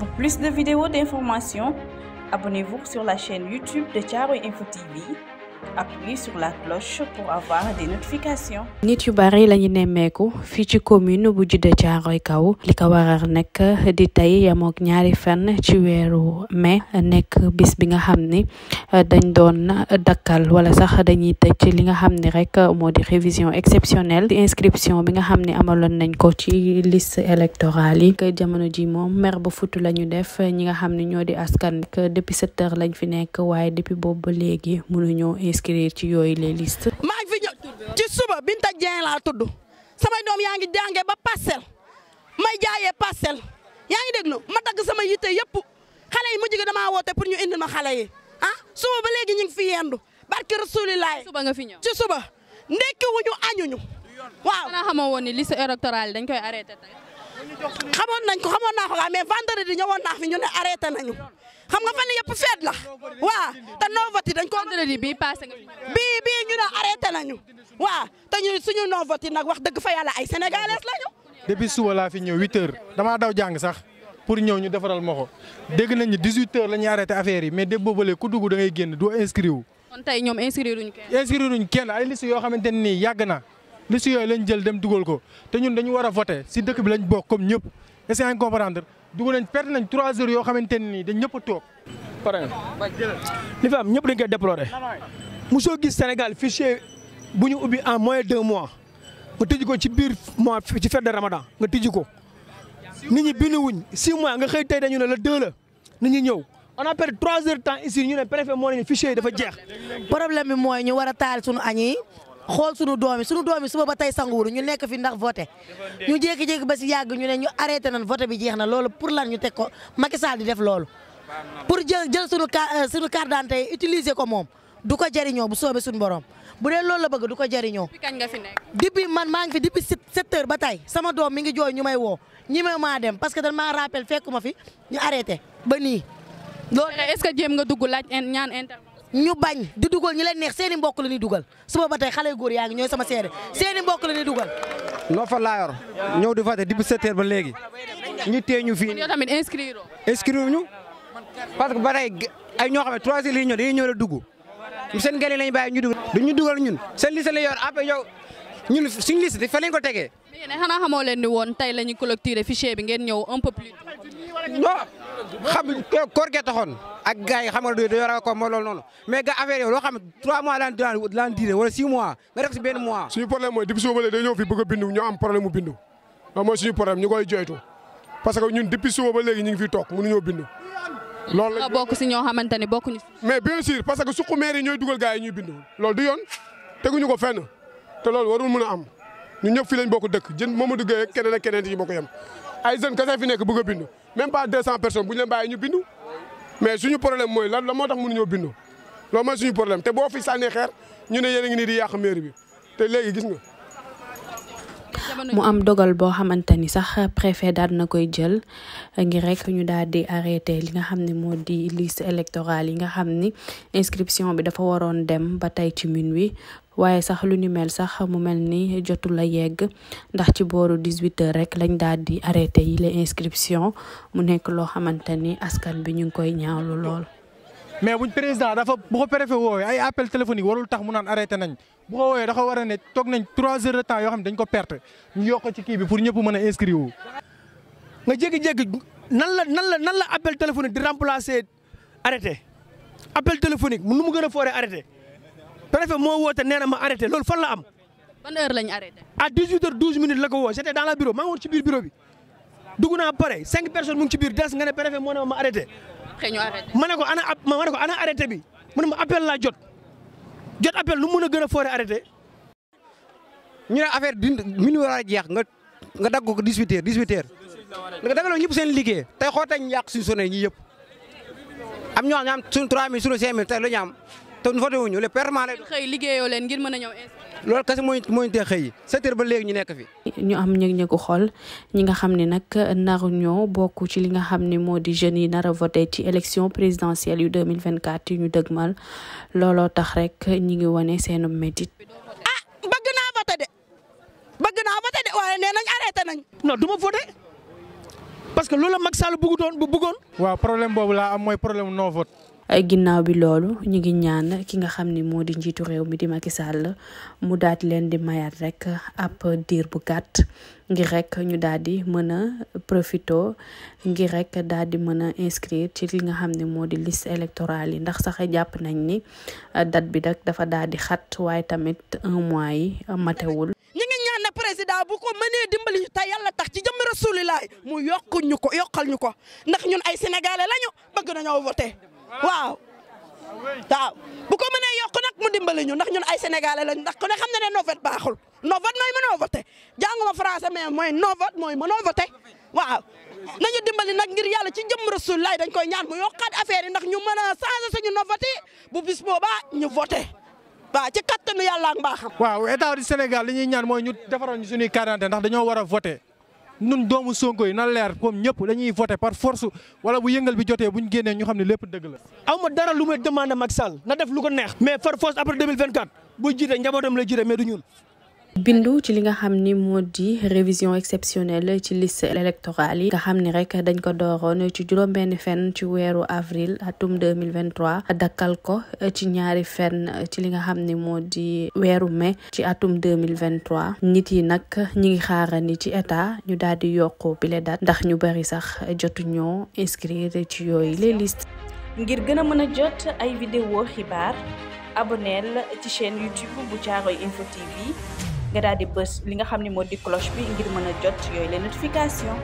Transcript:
Pour plus de vidéos d'informations, abonnez-vous sur la chaîne YouTube de Charo Info TV appuyez sur la cloche pour avoir des notifications. nit yu bari lañu nemmeeku fii ci commune bu Djiddah Thiaroye Kaw li ko waral nag di tey yamook ñaari fan ci weeru mai nekk bis bi nga xam eh, dañ doon dakkal wala sax dañuy tëj li nga xam rek révision exceptionnelle d'inscription, bi nga xamné amalon nañ ko ci liste électorale yi jamono ji mom mer ba futu lañu def ñi nga xamné ñoo di askan depuis sept h lañ fi nek waye depuis bobu légui léegi ñoo inscrire ci yooyu les listes. maa ngi fi ñëw ci suba Binta Dieng laa tudd samay doom yaa ngi jàngee ba parcelle may jaayee parcelle yaa ngi déglu ma dagg sama yitte yëpp xale yi mujj gi damaa woote pour ñu indi ma xale yi ah suba ba léegi ñu fi yendu barke rasulilaay. suba nga fi ñëw ci suba ndekki wuñu añuñu waaw xanaa xamoo woon ni liste électorale dañ koy arrêté tey. xamoon nañ ko xamoon naa ko mais vendredi ñëwoon nañu. xam nga fan yëpp feet la waa te non vote yi dañ ko bii passé nga bii bii ñu ne arrêté nañu waa te ñu suñu yi nag wax dëgg fa yàlla ay sénégalais lañu. depuis suba laa fi ñëw 8 heures damaa daw jàng sax pour ñëw ñu defaral ma ko dégg nañu 18 heures la ñuy arrêté affaire yi mais dégg boobale ku dugg da ngay génn doo inscrire wu. kon tey ñoom inscrire duñ kenn. inscrire duñ kenn ay liste yoo xamante ne nii yàgg na liste yooyu lañ jël dem dugal ko te ñun dañu war a voté si dëkk bi lañ bokk comme ñëpp est dugg nañ per nañ trois heures yoo xamante ne nii dañ ñëpp toog. pare li fi am ñëpp dañ koy déploré. soo gis Sénégal fichier bu ñu ubbi en moins deux mois nga tëj ko ci biir mois ci fête de Ramadan nga tëj ko. nit ñi bindu wuñ six mois nga xëy tey dañu ne la deux la nit ñi ñëw. on a perdu trois heures temps ici ñu ne préfet moo ne fichier yi dafa jeex. problème bi mooy ñu war a taal sunu añ yi xool sunu doomi sunu doomi suba ba tey sanguwul ñu nekk fi ndax voté ñu jékki-jékki ba si yàgg ñu ne ñu arrêté nañ voté bi jeex na loolu pour lan ñu teg ko Macky Sall di def loolu pour jël jël sunu euh, sunu carte d'identité yi utiliser ko moom du ko jëriñoo bu soobee suñu borom bu dee loolu la bëgg du ko jëriñoo. depuis kañ nga fi nekk. man maa ngi fi depuis sept heures ba tey sama doom mi ngi jooy ñu may woo ñi may maa dem parce que dañ maa rappel fekkuma fi ñu arrêté ba nii. loolu est-ce que jéem nga ñu bañ di dugal ñi leen neex seen i mbokk la ñuy dugal suba ba tey xale góor yaa ngi ñooy sama seede seen i mbokk la ñuy dugal. noo fa laa yor ñëw di fàtte depuis sept ba léegi ñu téye ñu fii. yow tamit inscrire. inscrire ñu parce que ba tey ay ñoo xam ne trois heures yi ñëw dañuy ñëw la dugg seen gelle lañ bàyyi ñu dugal. du ñu dugal ñun seen liste la yor après yow ñun suñu liste fa lañ ko tegee. mais yéen xamoo leen ni woon tey la ñu collecté fichier bi ngeen ñëw un peu plus. non xam koor gee taxoon. ak gars yi xam nga dañoo ragal ko mooy loolu noonu mais gars affaire yow loo xam ne 3 mois daan daan diire wala 6 mois nga def si benn mois. suñu problème mooy depuis suba ba léegi dañoo fi bëgg a bindu ñoo am problème mu bindu loolu mooy suñu ñu koy joytu parce que ñun ñu ngi fiy toog mënuñoo bindu. loolu la ah, bokk ñoo bindu loolu du yoon teguñu ko fenn te loolu warul mën am ñun ñëpp fii bokk dëkk jën Mamadou Gueye ak keneen ak bokk yem ay jeunes kese fi nekk bëgg bindu même pas 200 mais suñu problème moy lan la motax tax mënuñoo bindu Lo ma suñu problème Té bo fi sànni xër ñu né yéen ngi ni di yàq mère bi Té légui gis nga mu am dogal boo xamante ni sax préfet daal na koy jël ngir rek ñu daal di arrêté li nga xam ni moo di liste électorale yi nga xam ni inscription bi dafa waroon dem ba tey ci wi waaye sax lu ni mel sax mu mel ni jotul a yegg ndax ci booru 18 heures rek lañ daal di arrêté yi les inscription mu nekk loo xamante ni askan bi ñu ngi koy ñaawlu lool. mais buñ président dafa bu ko préfet woowee ay appel téléphonique warul tax mu naan arrêté nañ bu ko woowee dafa war a ne toog nañ trois heures de temps yoo xam ne dañ ko perte ñu yokk ci kii ñëpp mën a inscrire wu. nga jékki nan la nan la nan la appel téléphonique di remplacer arrêté appel téléphonique nu mu gën a fooree arrêté préfet moo woote nee na ma arrêté loolu fan la am. ban heure lañ arrêté. à la ko woo j'étais dans la bureau maa ngi woon ci biir bi. dugg naa pare cinq person mu ngi ci biir des nga ne préfet moo ne ma arrêté. ma ne ko ana ma ne ko ana arrêté bi mu ne ma appel laa jot jot appel lu mu mën a gën a fooree arrêté. ñu ne affaire bi mi war a jeex nga nga dagg ko 18h 18h nga dagaloo ñëpp seen liggéey te xool tey ñu yàq suñu sonné ñi yëpp am ñoo xam ne am suñu 3000 suñu 5000 tey lu ñu te voté wuñu le permanent lay doon. xëy liggéeyoo leen ngir mën a ñëw loolu kese moo ñu moo ñu tee xëy sept heures ba léegi ñu nekk fi. ñu am ñëg-ñëgu xol ñi nga xam ne nag naru ñoo bokk ci li nga xam ne moo di jeune yi nar a voté ci élection présidentielle yu 2024 yu ñu dëgmal looloo tax rek ñi ngi wane seenu métit. ah bëgg naa voté de bëgg naa voté de waaye nee nañ arrêté nañ. non du ma parce que loolu la Macky Sall bëggutoon bu bëggoon. waaw problème boobu laa am mooy problème non vote. ginnaaw bi loolu ñu ngi ñaan ki nga xam ni moo di njiitu réew mi di Macky Sall mu daal di leen di mayaat rek ab diir bu gàtt ngir rek ñu daal di mën a profito ngir rek daal di mën a inscrire ci li nga xam ni moo di liste yi ndax sax jàpp nañ ni date bi nag dafa daal di xat waaye tamit un mois yi matewul. te président bu ko mënee dimbali ñu te yàlla tax ci jëmm rasulilaay mu yokku ñu ko yokkal ñu ko ndax ñun ay sénégalais lañu bëgg nañoo voté waaw. waaw bu ko mënee yokk nag mu dimbali ñu ndax ñun ay sénégalais lañu ndax ku ne xam na ne no vote baaxul no vote mooy mënoo voté jànguma français mais mooy no vote mooy mënoo voté waaw. nañu dimbali nag ngir yàlla ci jëm rasulilaay dañ koy ñaan mu yokkaat affaire yi ndax ñu mën a changé suñu no vote bu bis boobaa ñu voté. waaw ci kattanu yàlla ak mbaaxam. waaw état du Sénégal li ñuy ñaan mooy ñu defaral ñu suñuy carte ndax dañoo war a voté ñun doomu Sonko yi na leer comme ñëpp dañuy voté par force wala bu yëngal bi jotee bu ñu génnee ñu xam ne lépp dëgg la. a ma dara lu may demandé Macky Sall na def lu ko neex. mais par force après 2024 bu jiite njabootam la jiite mais du ñun. bindu ci li nga xam ni moo di révision exceptionnelle ci liste électorale yi nga xam ni rek dañ ko dooroon ci juróom benn fenn ci weeru avril atum 2023 dakkal ko ci ñaari fenn ci li nga xam ni moo di weeru mai ci atum 2023 nit yi nag ñi ngi xaarani ci état ñu daal di yokku bile date ndax ñu bari sax jotu ñoo inscrire ci yooyu les listes ngir gën a mën a jot ay vidéo xibaar abonneel ci chaîne YouTube bu Caaroy info TV nga daal di bës li nga xam ne moo di cloche bi ngir mën a jot yooyu les notification